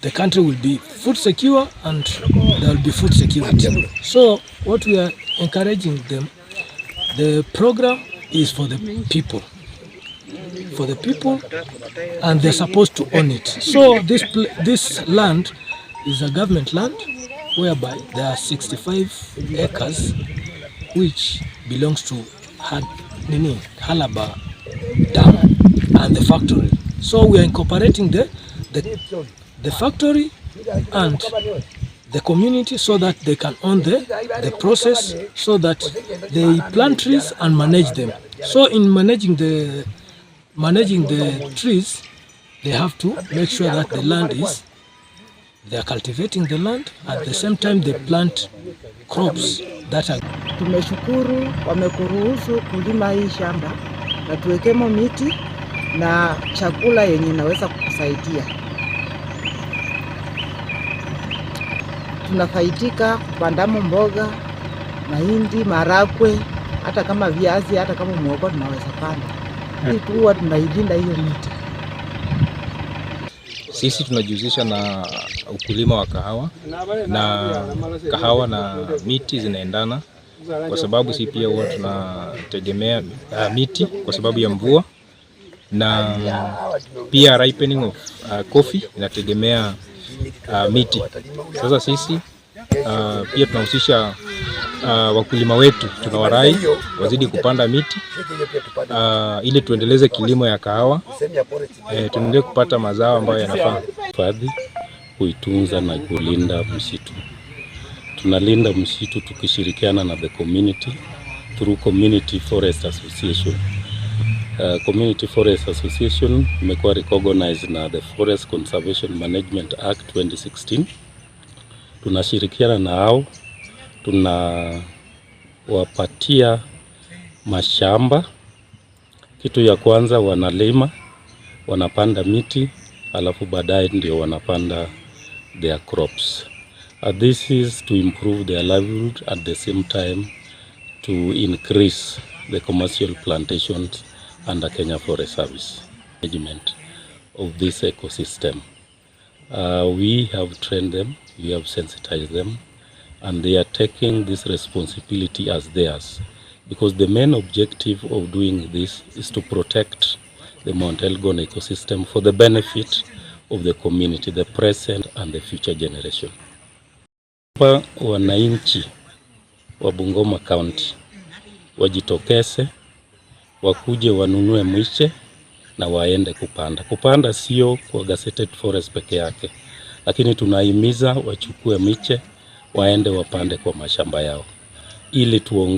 the country will be food secure and there will be food security. So what we are encouraging them, the program is for the people. For the people and they're supposed to own it. So this this land is a government land whereby there are 65 acres which belongs to Had, Nini, Halaba Dam and the factory. So we are incorporating the the the factory and the community so that they can own the, the process so that they plant trees and manage them. So in managing the, managing the trees, they have to make sure that the land is, they are cultivating the land, at the same time they plant crops that are... Tumeshukuru wamekuruhusu kulima hii shamba na tuwekemo miti na chakula yenye inaweza kukusaidia. tunafaidika kupandamo mboga, mahindi, marakwe, hata kama viazi, hata kama mwogo tunaweza panda. Huwa tunailinda hiyo miti. Sisi tunajihusisha na ukulima wa kahawa na kahawa na miti zinaendana, kwa sababu si pia huwa tunategemea uh, miti kwa sababu ya mvua na pia ripening of uh, coffee inategemea uh, miti. Sasa sisi uh, pia tunahusisha uh, wakulima wetu, tunawarai wazidi kupanda miti uh, ili tuendeleze kilimo ya kahawa eh, tuendelee kupata mazao ambayo yanafaa. Hifadhi kuitunza na kulinda msitu, tunalinda msitu tukishirikiana na the community through Community Forest Association. Uh, Community Forest Association imekuwa recognized na the Forest Conservation Management Act 2016. Tunashirikiana na hao, tunawapatia mashamba. Kitu ya kwanza wanalima, wanapanda miti, alafu baadaye ndio wanapanda their crops. Uh, this is to improve their livelihood at the same time to increase the commercial plantations under Kenya Forest Service management of this ecosystem. Uh, we have trained them, we have sensitized them, and they are taking this responsibility as theirs because the main objective of doing this is to protect the Mount Elgon ecosystem for the benefit of the community, the present and the future generation. wananchi wa Bungoma County wajitokeze wakuje wanunue mwiche na waende kupanda. Kupanda sio kwa gazetted forest peke yake, lakini tunahimiza wachukue miche waende wapande kwa mashamba yao ili tuonge